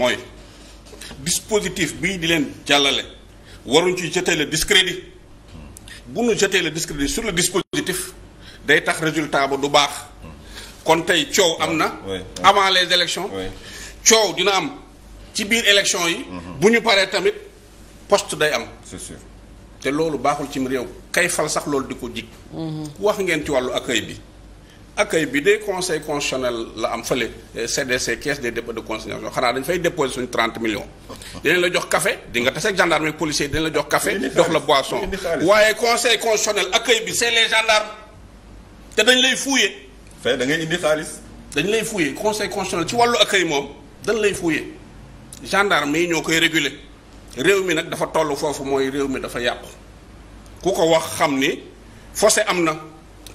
mooy dispositif bii di leen jàllale waruñ ci jeter le discrédit bu nu jeter le discrédit sur le dispositif day tax résultat ba du baax kon tey coow am na avant les élections coow dina am ci biir élection yi mhm. bu ñu paree tamit post day am c'est te loolu baaxul ci réew kay fal sax loolu di ko jig mhm. wax ngeen ci wàllu accueil bi accueil bi de conseil constitutionnel la am fële CDC eh, caisse des dépôts de consignation xanaa dañ fay déposer suñu 30 millions. dinañ la jox café di nga taseeg gendarme ak policier dinañ la jox café jox la boisson waaye conseil constitutionnel accueil bi c'est les gendarmes te dañ lay fouiller. fay da ngay dañ lay fouiller conseil constitutionnel ci wàllu accueil moom dañ lay fouiller gendarme yi ñoo koy réguler réew mi nag dafa toll foofu mooy réew mi dafa yàqu ku ko wax xam ni fossé am na.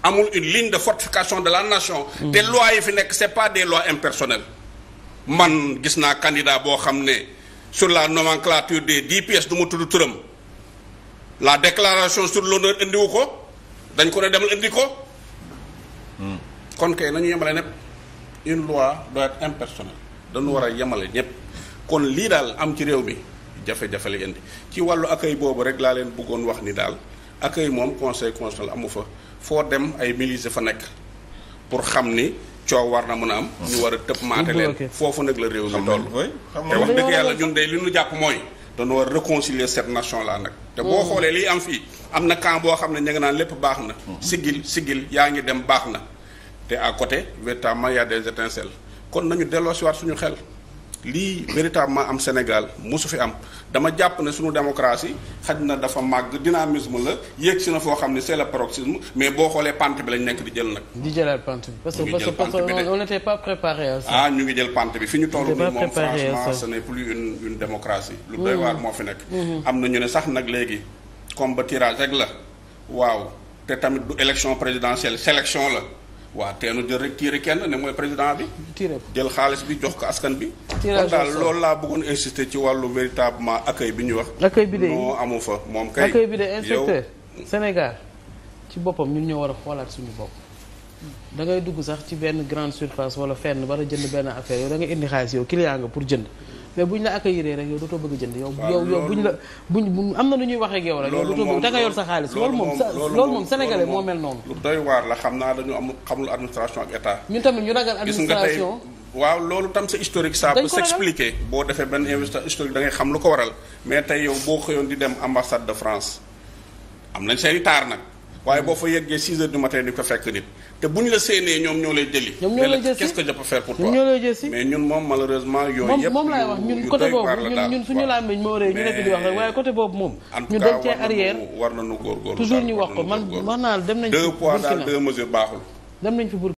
amul une ligne de fortification de la nation. Mm. te loi yi fi nekk c'est pas des lois impersonnelles. man gis naa candidat boo xam ne sur la nomenclature des dix pièces du ma tudd turam la déclaration sur l'honneur indiwu ko dañ ko ne demal indi ko. Mm. kon kay nañu yemale ñëpp une loi doit être dañu war a yemale ñëpp kon lii daal am ci réew mi jafe-jafe la indi ci wàllu accueil boobu rek laa leen bëggoon wax ni daal. accueil moom conseil constitutionnel amu fa foo dem ay milices fa nekk pour xam ni coow war na mën a am. ñu war a tëb maate leen foofu nag la réew mi toll. te wax dëgg yàlla ñun de li ñu jàpp mooy. dañoo war réconcilier set nation là nag. te boo mm. xoolee lii am fii am na camp boo xam ne ña nga naan lépp baax na. Mm. sigil sigil yaa ngi dem baax na. te à côté véritablement y des étincelles kon nañu delloosiwaat suñu xel. lii véritablement am Sénégal mosu fi am dama jàpp ne suñu démocratie xaj na dafa màgg dynamisme la yéeg si na foo xam ne c'est le paroxysme mais boo xoolee pante bi lañ nekk di jël nag. di jëlaat pante parce que parce ah, ñu ngi jël pante bi fi ñu toll nii moom franchement ce n'est plus une une démocratie. lu doy mmh. waar moo fi nekk. Mmh. am na ñu ne sax nag léegi comme ba tirage rek la waaw te tamit du élection présidentielle sélection la. waa teenu jël rek tiire kenn ne mooy président bi. tiire jël xaalis bi jox ko askan bi. kon daal loolu laa bëggoon insister ci wàllu véritablement accueil bi ñu wax. accueil bi de non amu fa moom kay. accueil bi de inspecteur Sénégal ci boppam ñun ñoo war a xoolaat suñu bopp. da ngay dugg sax ci benn grande surface wala fenn war jënd benn affaire yow da ngay indi xaalis yow client nga pour jënd. mais buñ la accueillir rek yow dootoo bëgg jënd yow yow yow buñ la buñ am na lu ñuy wax ak yow rek yow dootoo bëgg da nga sa xaalis loolu moom loolu moom sénégalais moo mel noonu lu doy waar la xam naa dañu am xamul administration ak état ñun tamit ñu ragal administration waaw loolu tam sa historique ça peut s'expliquer boo defee benn investissement historique da ngay xam lu ko waral mais tey yow boo xëyoon di dem ambassade de France am nañ seen taar nag waaye boo fa yeggee 6 heures du matin di ko fekk nit te buñ la séenee ñoom ñoo lay jëli. ñoom ñoo lay jël si mais ñun moom malheureusement. yooyu yëpp moom laay wax ñun côté boobu ñun ñun suñu làmmiñ moo réy ñu nekk di wax waaye côté boobu moom. ñu dañ cee arrière war nañu góorgóorlu toujours ñu wax ko man man naa dem nañ. deux poids